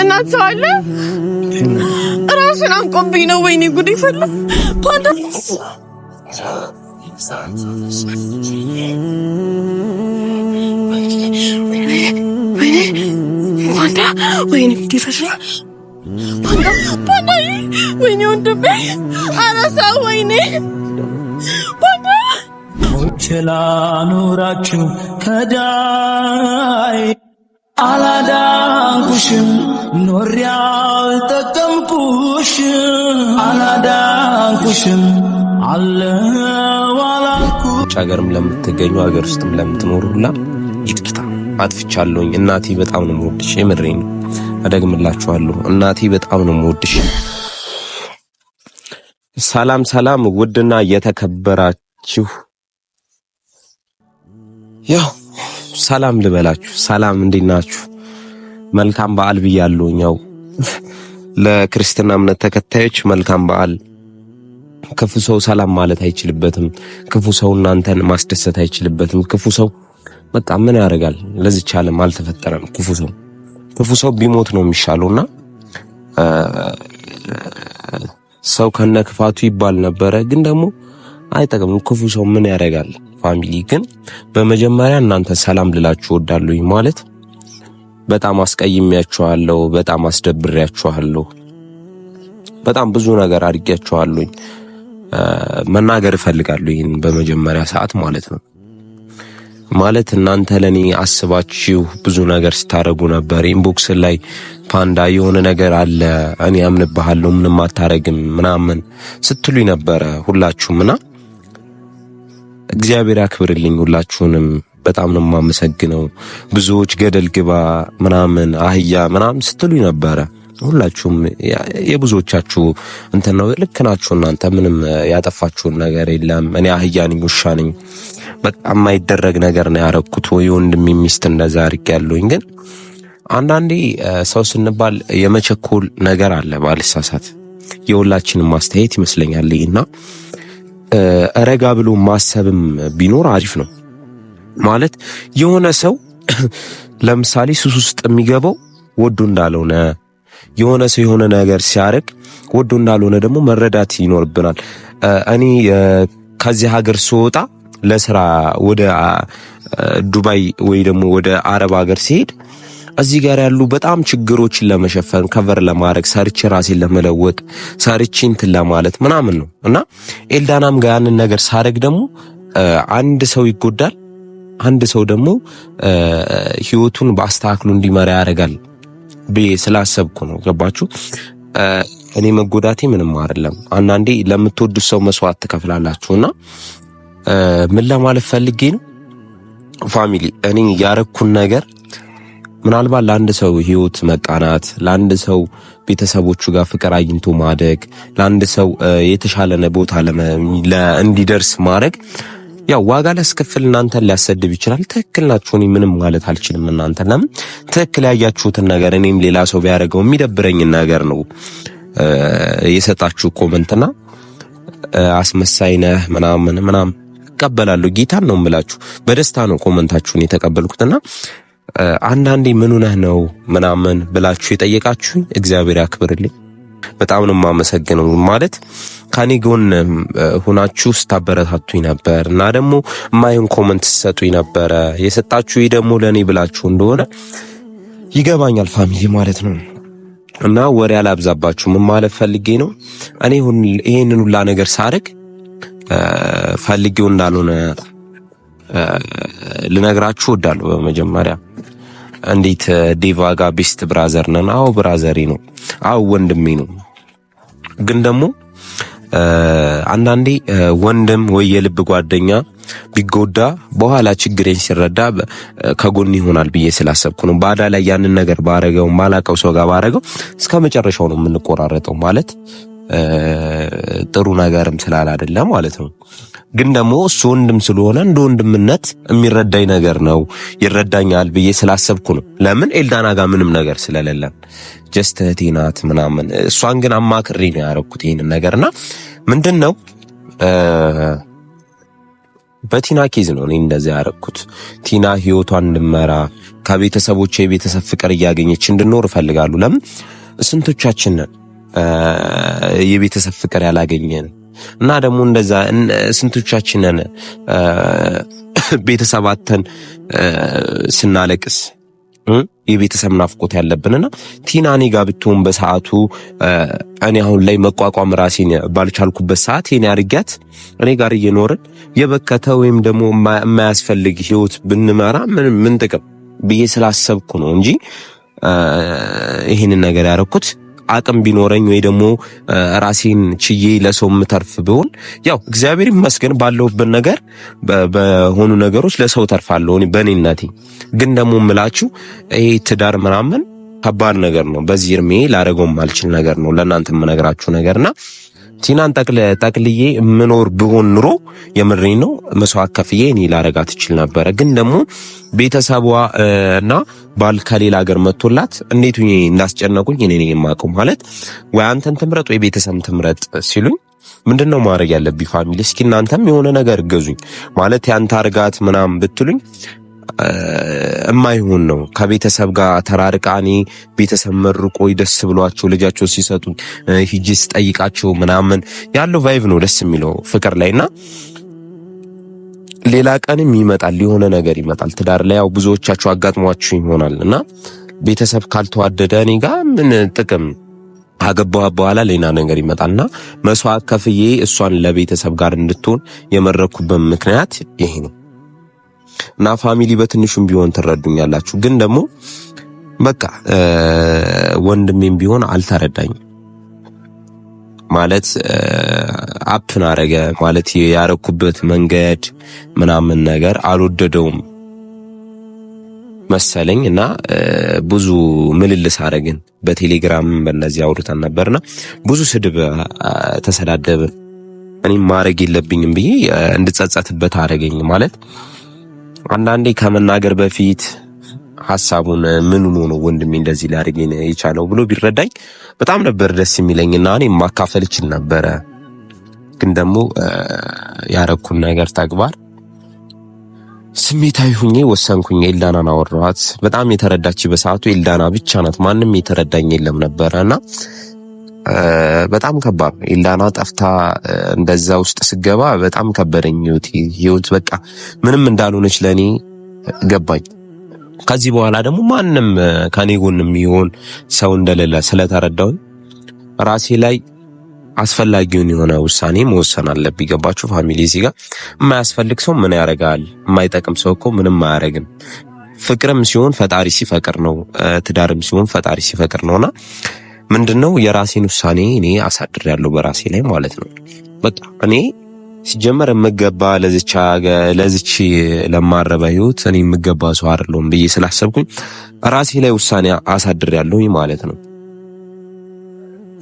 እናት ሰው አለ እራሱን አንቆብኝ ነው። ወይኔ ጉድ ይፈላ ፓንዳ ፓንዳ ወይኔ ጉድ ይፈላ ፓንዳ ፓንዳ ወይኔ ወንድሜ አረሳ ወይኔ ፓንዳ ችላ ኑራችሁ ከዳይ አላዳንኩሽም ኖሬ አልጠቀምኩሽ አላዳንኩሽም አለው አላልኩ ውጭ ሀገርም ለምትገኙ ሀገር ውስጥም ለምትኖሩ ሁላ ይጥቂታ አጥፍቻለሁኝ። እናቴ በጣም ነው የምወድሽ። የምሬን እደግምላችኋለሁ። እናቴ በጣም ነው የምወድሽ። ሰላም ሰላም፣ ውድና የተከበራችሁ ያው ሰላም ልበላችሁ። ሰላም እንዴት ናችሁ? መልካም በዓል ብያለሁ። እኛው ለክርስትና እምነት ተከታዮች መልካም በዓል። ክፉ ሰው ሰላም ማለት አይችልበትም። ክፉ ሰው እናንተን ማስደሰት አይችልበትም። ክፉ ሰው በቃ ምን ያደርጋል? ለዚች ዓለም አልተፈጠረም። ክፉ ሰው ክፉ ሰው ቢሞት ነው የሚሻለውና ሰው ከነ ክፋቱ ይባል ነበረ። ግን ደግሞ አይጠቅምም። ክፉ ሰው ምን ያደርጋል? ፋሚሊ ግን በመጀመሪያ እናንተ ሰላም ልላችሁ ወዳለሁኝ ማለት በጣም አስቀይሜያችኋለሁ፣ በጣም አስደብሬያችኋለሁ፣ በጣም ብዙ ነገር አድርጌያችኋለሁኝ መናገር እፈልጋለሁ። ይህን በመጀመሪያ ሰዓት ማለት ነው ማለት እናንተ ለእኔ አስባችሁ ብዙ ነገር ስታደርጉ ነበር። ኢንቦክስ ላይ ፓንዳ የሆነ ነገር አለ እኔ አምንብሃለሁ ምንም አታረግም ምናምን ስትሉኝ ነበረ ሁላችሁም እና እግዚአብሔር ያክብርልኝ ሁላችሁንም በጣም ነው የማመሰግነው። ብዙዎች ገደል ግባ ምናምን አህያ ምናምን ስትሉ ነበረ። ሁላችሁም የብዙዎቻችሁ እንትን ነው፣ ልክ ናችሁ እናንተ። ምንም ያጠፋችሁን ነገር የለም። እኔ አህያ ነኝ፣ ውሻ ነኝ። በቃ የማይደረግ ነገር ነው ያረኩት። ወይ ወንድም ሚስት እንደዛ አርግ ያለኝ። ግን አንዳንዴ ሰው ስንባል የመቸኮል ነገር አለ ባልሳሳት፣ የሁላችንም ማስተያየት ይመስለኛል እና ረጋ ብሎ ማሰብም ቢኖር አሪፍ ነው። ማለት የሆነ ሰው ለምሳሌ ሱስ ውስጥ የሚገባው ወዶ እንዳልሆነ የሆነ ሰው የሆነ ነገር ሲያደርግ ወዶ እንዳልሆነ ደግሞ መረዳት ይኖርብናል። እኔ ከዚህ ሀገር ስወጣ ለስራ ወደ ዱባይ ወይ ደግሞ ወደ አረብ ሀገር ሲሄድ እዚህ ጋር ያሉ በጣም ችግሮችን ለመሸፈን ከቨር ለማድረግ ሰርች ራሴን ለመለወጥ ሰርች እንትን ለማለት ምናምን ነው እና ኤልዳናም ጋር ያንን ነገር ሳደርግ ደግሞ አንድ ሰው ይጎዳል፣ አንድ ሰው ደግሞ ህይወቱን በአስተካክሉ እንዲመራ ያደርጋል ብዬ ስላሰብኩ ነው። ገባችሁ? እኔ መጎዳቴ ምንም አይደለም። አንዳንዴ ለምትወዱት ሰው መስዋዕት እና ምን ለማለት ፈልጌ ነው ፋሚሊ እኔ ያረኩን ነገር ምናልባት ለአንድ ሰው ህይወት መቃናት፣ ለአንድ ሰው ቤተሰቦቹ ጋር ፍቅር አግኝቶ ማደግ፣ ለአንድ ሰው የተሻለነ ቦታ እንዲደርስ ማድረግ ያው ዋጋ ሊያስከፍል እናንተን ሊያሰድብ ይችላል። ትክክል ናችሁ። እኔ ምንም ማለት አልችልም። እናንተን ለምን ትክክል ያያችሁትን ነገር እኔም ሌላ ሰው ቢያደርገው የሚደብረኝን ነገር ነው የሰጣችሁ ኮመንትና አስመሳይ ነህ ምናምን ምናምን እቀበላለሁ። ጌታን ነው የምላችሁ። በደስታ ነው ኮመንታችሁን የተቀበልኩትና አንዳንዴ ምን ሆነህ ነው ምናምን ብላችሁ የጠየቃችሁኝ እግዚአብሔር ያክብርልኝ። በጣም ነው የማመሰግነው። ማለት ከኔ ጎን ሆናችሁ ስታበረታቱኝ ነበር እና ደግሞ ማይን ኮመንት ስሰጡኝ ነበረ። የሰጣችሁ ደግሞ ለእኔ ብላችሁ እንደሆነ ይገባኛል ፋሚሊ ማለት ነው። እና ወሬ አላብዛባችሁ። ምን ማለት ፈልጌ ነው እኔ ይህንን ሁላ ነገር ሳደርግ ፈልጌው እንዳልሆነ ልነግራችሁ እወዳለሁ። በመጀመሪያ እንዴት ዴቫ ጋር ቤስት ብራዘር ነን። አዎ ብራዘሪ ነው። አዎ ወንድሜ ነው። ግን ደግሞ አንዳንዴ ወንድም ወይ የልብ ጓደኛ ቢጎዳ በኋላ ችግሬን ሲረዳ ከጎን ይሆናል ብዬ ስላሰብኩ ነው። ባዳ ላይ ያንን ነገር ባረገው ማላቀው ሰው ጋር ባረገው እስከ መጨረሻው ነው የምንቆራረጠው ማለት ጥሩ ነገርም ስላላደለ ማለት ነው። ግን ደግሞ እሱ ወንድም ስለሆነ እንደ ወንድምነት የሚረዳኝ ነገር ነው ይረዳኛል ብዬ ስላሰብኩ ነው። ለምን ኤልዳና ጋር ምንም ነገር ስለሌለን ጀስት እህቴ ናት ምናምን። እሷን ግን አማክሬ ነው ያደረኩት ይህንን ነገርና ምንድን ነው በቲና ኬዝ ነው እኔ እንደዚህ ያደረኩት። ቲና ህይወቷን እንድመራ ከቤተሰቦች የቤተሰብ ፍቅር እያገኘች እንድኖር እፈልጋሉ። ለምን ስንቶቻችንን የቤተሰብ ፍቅር ያላገኘን እና ደግሞ እንደዛ ስንቶቻችንን ቤተሰባተን ስናለቅስ የቤተሰብ ናፍቆት ያለብንና ቲና እኔ ብትሆን በሰዓቱ እኔ አሁን ላይ መቋቋም ራሴን ባልቻልኩበት ሰዓት የኔ አርጊያት እኔ ጋር እየኖርን የበከተ ወይም ደግሞ የማያስፈልግ ህይወት ብንመራ ምን ጥቅም ብዬ ስላሰብኩ ነው እንጂ ይህንን ነገር ያረኩት። አቅም ቢኖረኝ ወይ ደግሞ ራሴን ችዬ ለሰው የምተርፍ ቢሆን ያው እግዚአብሔር ይመስገን ባለሁበት ነገር በሆኑ ነገሮች ለሰው ተርፋለሁ። በኔነቴ ግን ደግሞ ምላችሁ ይሄ ትዳር ምናምን ከባድ ነገር ነው። በዚህ እርሜ ላደረገውም አልችል ነገር ነው። ለእናንተ የምነግራችሁ ነገርና ቲናን ጠቅልዬ ምኖር ብሆን ኑሮ የምሬ ነው መስዋዕት ከፍዬ እኔ ላረጋት እችል ነበረ። ግን ደግሞ ቤተሰቧ እና ባል ከሌላ ሀገር መጥቶላት እንዴት እንዳስጨነቁኝ እኔ የማውቀው ማለት ወይ አንተን ትምረጥ ወይ ቤተሰብ ትምረጥ ሲሉኝ ምንድን ነው ማድረግ ያለብኝ ፋሚሊ? እስኪ እናንተም የሆነ ነገር እገዙኝ ማለት ያንተ አርጋት ምናምን ብትሉኝ እማይሆን ነው። ከቤተሰብ ጋር ተራርቃ ቤተሰብ መርቆ ደስ ብሏቸው ልጃቸው ሲሰጡ ሂጂ ስጠይቃቸው ምናምን ያለው ቫይቭ ነው ደስ የሚለው ፍቅር ላይና ሌላ ቀንም ይመጣል፣ የሆነ ነገር ይመጣል። ትዳር ላይ ያው ብዙዎቻችሁ አጋጥሟችሁ ይሆናል እና ቤተሰብ ካልተዋደደ እኔ ጋር ምን ጥቅም አገባዋ በኋላ ሌላ ነገር ይመጣልና መስዋዕት ከፍዬ እሷን ለቤተሰብ ጋር እንድትሆን የመረኩበት ምክንያት ይሄ ነው። እና ፋሚሊ በትንሹም ቢሆን ትረዱኛላችሁ። ግን ደግሞ በቃ ወንድሜም ቢሆን አልተረዳኝም ማለት አፕን አረገ ማለት ያረኩበት መንገድ ምናምን ነገር አልወደደውም መሰለኝ እና ብዙ ምልልስ አረግን በቴሌግራም በእነዚህ አውርተን ነበርና ብዙ ስድብ ተሰዳደብን። እኔም ማድረግ የለብኝም ብዬ እንድጸጸትበት አረገኝ ማለት አንዳንዴ ከመናገር በፊት ሀሳቡን ምን ሆኖ ነው ወንድሜ እንደዚህ ሊያደርግ የቻለው ብሎ ቢረዳኝ በጣም ነበር ደስ የሚለኝና እኔ ማካፈል እችል ነበረ። ግን ደግሞ ያረኩን ነገር ተግባር ስሜታዊ ሁኜ ወሰንኩኝ። ኤልዳናን አወራኋት። በጣም የተረዳች በሰዓቱ ኤልዳና ብቻ ናት። ማንም የተረዳኝ የለም ነበረና በጣም ከባድ ነው። ኢላና ጠፍታ እንደዛ ውስጥ ስገባ በጣም ከበደኝ። ህይወት በቃ ምንም እንዳልሆነች ለእኔ ገባኝ። ከዚህ በኋላ ደግሞ ማንም ከኔ ጎን የሚሆን ሰው እንደሌለ ስለተረዳሁኝ ራሴ ላይ አስፈላጊውን የሆነ ውሳኔ መወሰን አለብኝ። ገባችሁ ፋሚሊ? እዚህ ጋር የማያስፈልግ ሰው ምን ያደርጋል? የማይጠቅም ሰው እኮ ምንም አያደርግም። ፍቅርም ሲሆን ፈጣሪ ሲፈቅር ነው፣ ትዳርም ሲሆን ፈጣሪ ሲፈቅር ነውና ምንድነው የራሴን ውሳኔ እኔ አሳድር ያለው በራሴ ላይ ማለት ነው። በቃ እኔ ሲጀመር የምገባ ለዚች ለዚች ለማረበ ህይወት እኔ የምገባ ሰው አይደለሁም ብዬ ስላሰብኩኝ ራሴ ላይ ውሳኔ አሳድር ያለው ማለት ነው።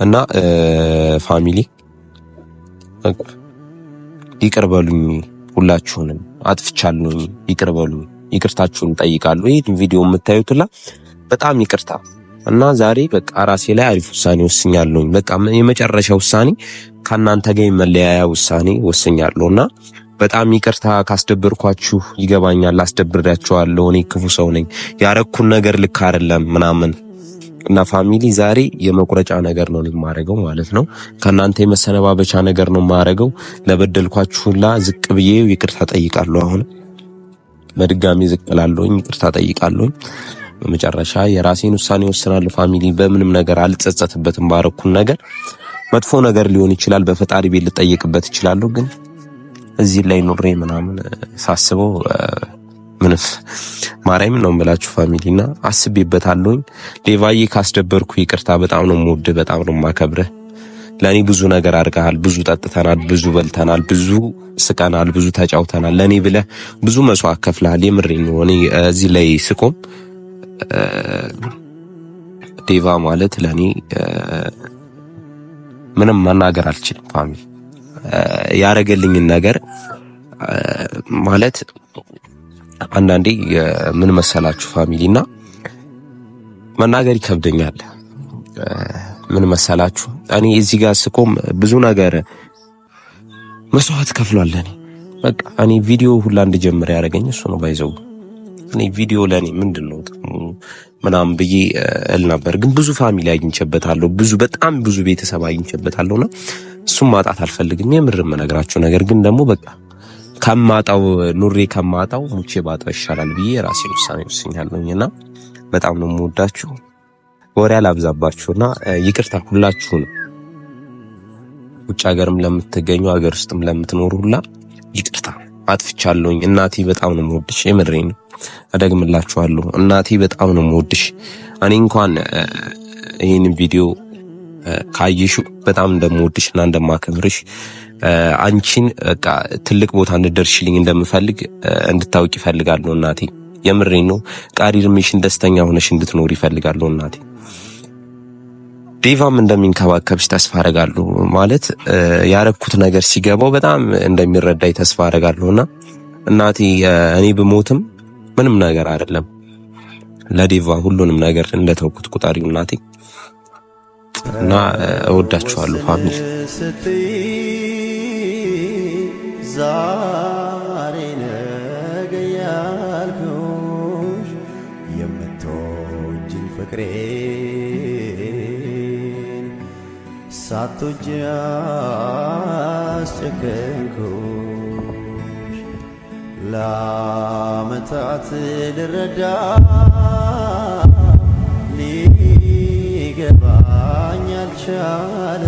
እና ፋሚሊ ይቅርበሉኝ፣ ሁላችሁንም አጥፍቻለሁኝ፣ ይቅርበሉኝ፣ ይቅርታችሁን ጠይቃለሁ። ይሄን ቪዲዮ የምታዩትላ በጣም ይቅርታ እና ዛሬ በቃ ራሴ ላይ አሪፍ ውሳኔ ወስኛለሁኝ። በቃ የመጨረሻ ውሳኔ ከእናንተ ጋር መለያያ ውሳኔ ወስኛለሁ እና በጣም ይቅርታ ካስደብርኳችሁ፣ ይገባኛል፣ አስደብራችኋለሁ። እኔ ክፉ ሰው ነኝ፣ ያረኩን ነገር ልክ አይደለም ምናምን እና ፋሚሊ ዛሬ የመቁረጫ ነገር ነው የማረገው ማለት ነው። ከእናንተ የመሰነባበቻ ነገር ነው የማረገው። ለበደልኳችሁላ ዝቅ ብዬ ይቅርታ ጠይቃለሁ። አሁን በድጋሚ ዝቅ ላለሁኝ ይቅርታ ጠይቃለሁኝ። በመጨረሻ የራሴን ውሳኔ ወስናለሁ። ፋሚሊ በምንም ነገር አልጸጸትበትም። ባረኩን ነገር መጥፎ ነገር ሊሆን ይችላል። በፈጣሪ ቤት ልጠይቅበት እችላለሁ። ግን እዚህ ላይ ኑሬ ምናምን ሳስበው ምንም ማርያም ነው የምላችሁ ፋሚሊና አስቤበታለሁኝ። ሌቫዬ ካስደበርኩ ይቅርታ። በጣም ነው የምወድህ፣ በጣም ነው የማከብርህ። ለእኔ ብዙ ነገር አድርገሃል። ብዙ ጠጥተናል፣ ብዙ በልተናል፣ ብዙ ስቀናል፣ ብዙ ተጫውተናል። ለእኔ ብለህ ብዙ መስዋዕት ከፍለሃል። የምሬ ነው። እኔ እዚህ ላይ ስቆም ዴቫ ማለት ለእኔ ምንም መናገር አልችልም። ፋሚሊ ያደረገልኝን ነገር ማለት አንዳንዴ ምን መሰላችሁ ፋሚሊ እና መናገር ይከብደኛል። ምን መሰላችሁ እኔ እዚህ ጋር ስቆም ብዙ ነገር መስዋዕት ከፍሏል። እኔ በቃ እኔ ቪዲዮ ሁላ እንድጀምር ያደረገኝ እሱ ነው ባይዘው እኔ ቪዲዮ ለእኔ ምንድን ነው ጥቅሙ ምናምን ብዬ እል ነበር። ግን ብዙ ፋሚሊ አግኝቼበታለሁ፣ ብዙ በጣም ብዙ ቤተሰብ አግኝቼበታለሁ። አግኝቼበታለሁና እሱም ማጣት አልፈልግም። የምር የምነግራችሁ ነገር ግን ደግሞ በቃ ከማጣው ኑሬ ከማጣው ሙቼ ባጣው ይሻላል ብዬ ራሴን ውሳኔ ወስኛለሁኝና በጣም ነው የምወዳችሁ። ወሬ አላብዛባችሁና ይቅርታ ሁላችሁ ነው ውጭ ሀገርም ለምትገኙ ሀገር ውስጥም ለምትኖሩ ሁላ ይቅርታ አጥፍቻለሁኝ። እናቴ በጣም ነው የምወድሽ የምሬ ነው። እደግምላችኋለሁ። እናቴ በጣም ነው የምወድሽ። እኔ እንኳን ይህን ቪዲዮ ካየሽ በጣም እና እንደማከብርሽ አንቺን በቃ ትልቅ ቦታ እንድደርሽልኝ እንደምፈልግ እንድታውቂ ይፈልጋለሁ እናቴ። የምሬ ነው። ቀሪ እድሜሽን ደስተኛ ሆነሽ እንድትኖር ይፈልጋለሁ እናቴ። ዴቫም እንደሚንከባከብሽ ተስፋ አረጋለሁ። ማለት ያረኩት ነገር ሲገባው በጣም እንደሚረዳኝ ተስፋ አደርጋለሁና እናቴ እኔ ብሞትም ምንም ነገር አይደለም። ለዴቫ ሁሉንም ነገር እንደተውኩት ቁጠሪው እናቴ እና እወዳችኋለሁ ፋሚሊ። ዛሬ ነገ ያልኩሽ የምትወጂኝ ፍቅሬን ሳትወጂ ለአመታት ልረዳ ሊገባኝ አልቻለ።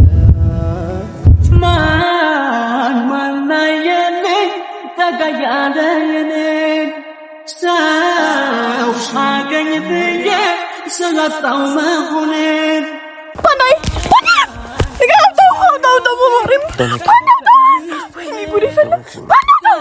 ማን ማናየኔ ተጋያለ የኔ ሰው ሳገኝ ብዬ ስላጣው መሆኔን ተው ተው ተው ተው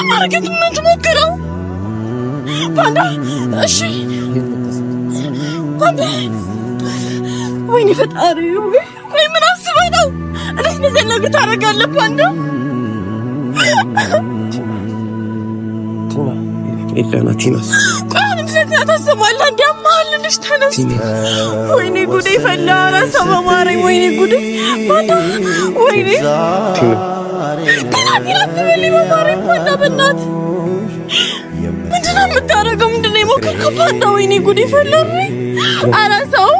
ለማድረግ የምትሞክረው ባንዳ? እሺ ባንዳ። ወይኔ ፈጣሪ፣ ወይ ምን አስበህ ነው እንዴት እንደዚህ ነገር ታደርጋለህ? ባንዳ ኤላና ቲና ቋን ምሰት ታሰማለህ። እንዲያማል ልጅ ተነስ። ወይኔ ጉዴ ፈላ። ኧረ ሰው በማረኝ። ወይኔ ጉዴ ባንዳ፣ ወይኔ ምንድነው የምታደርገው? ምንድነው የሞከርከው? ወይኔ ጉድ ይፈላል። ኧረ ሰው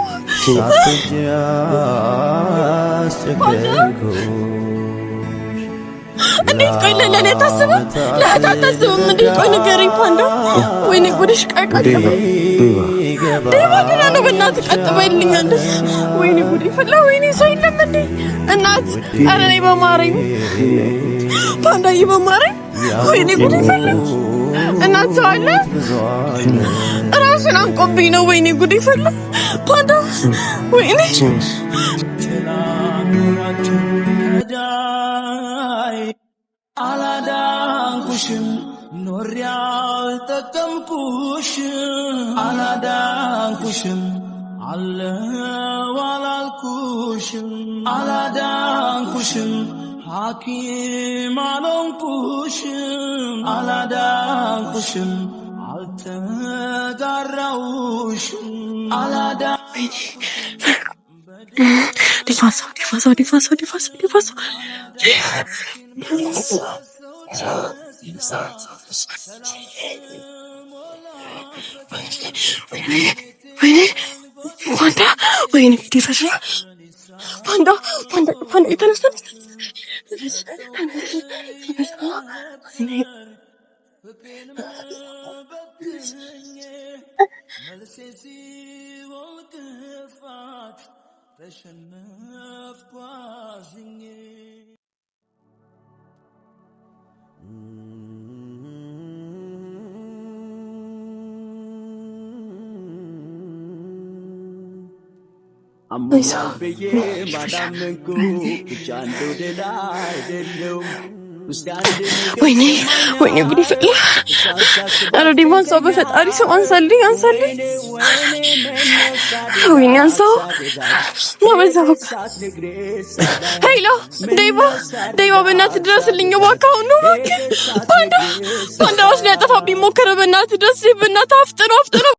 እንዴት ቆይ፣ ለእኔ አታስብም? ለእህት አታስብም? እንዴት ቆይ፣ ንገረኝ ፓንዳ። ወይኔ ጉድሽ ቀቀቀ ደባ ደባ ነው። በእናትህ ቀጥ በይልኝ። ወይኔ ጉድ ይፈላ። ወይኔ ሰው የለም እንዴ እናት ኧረ እኔ በማረኝ ፓንዳዬ በማረኝ። ወይኔ ጉድ ይፈልግ እናት ሰው አለ እራሱን አንቆብኝ ነው። ወይኔ ጉድ ይፈልግ ፓንዳ ወይኔ አላዳንኩሽም ኖሪያ ተቀምኩሽ አላዳንኩሽም Allâ valal kuşum Aladan kuşum Hakim alon kuşum Aladan kuşum Altı garravuşum Aladan Beni Defansa defansa defansa defansa defansa Defansa Defansa Defansa Defansa Defansa panda ወይኔ ዲፈሽ ፓንዳ ፓንዳ ፓንዳ የተነሳ ተሸነፍኳዝኝ ወይኔ ወይኔ ጉድ ይፈላ። ኧረ ዴቭ አንሳው፣ በፈጣሪ ሰው አንሳልኝ፣ አንሳልኝ። ወይኔ አንሳው ነው ሄሎ ዴቭ ዴቭ፣ በእናትህ ድረስልኝ እባክህ። አሁን ነው እባክህ። ፓንዳ ሊያጠፋብኝ ሞከረ። በእናትህ ድረስ፣ በእናትህ አፍጥነው፣ አፍጥነው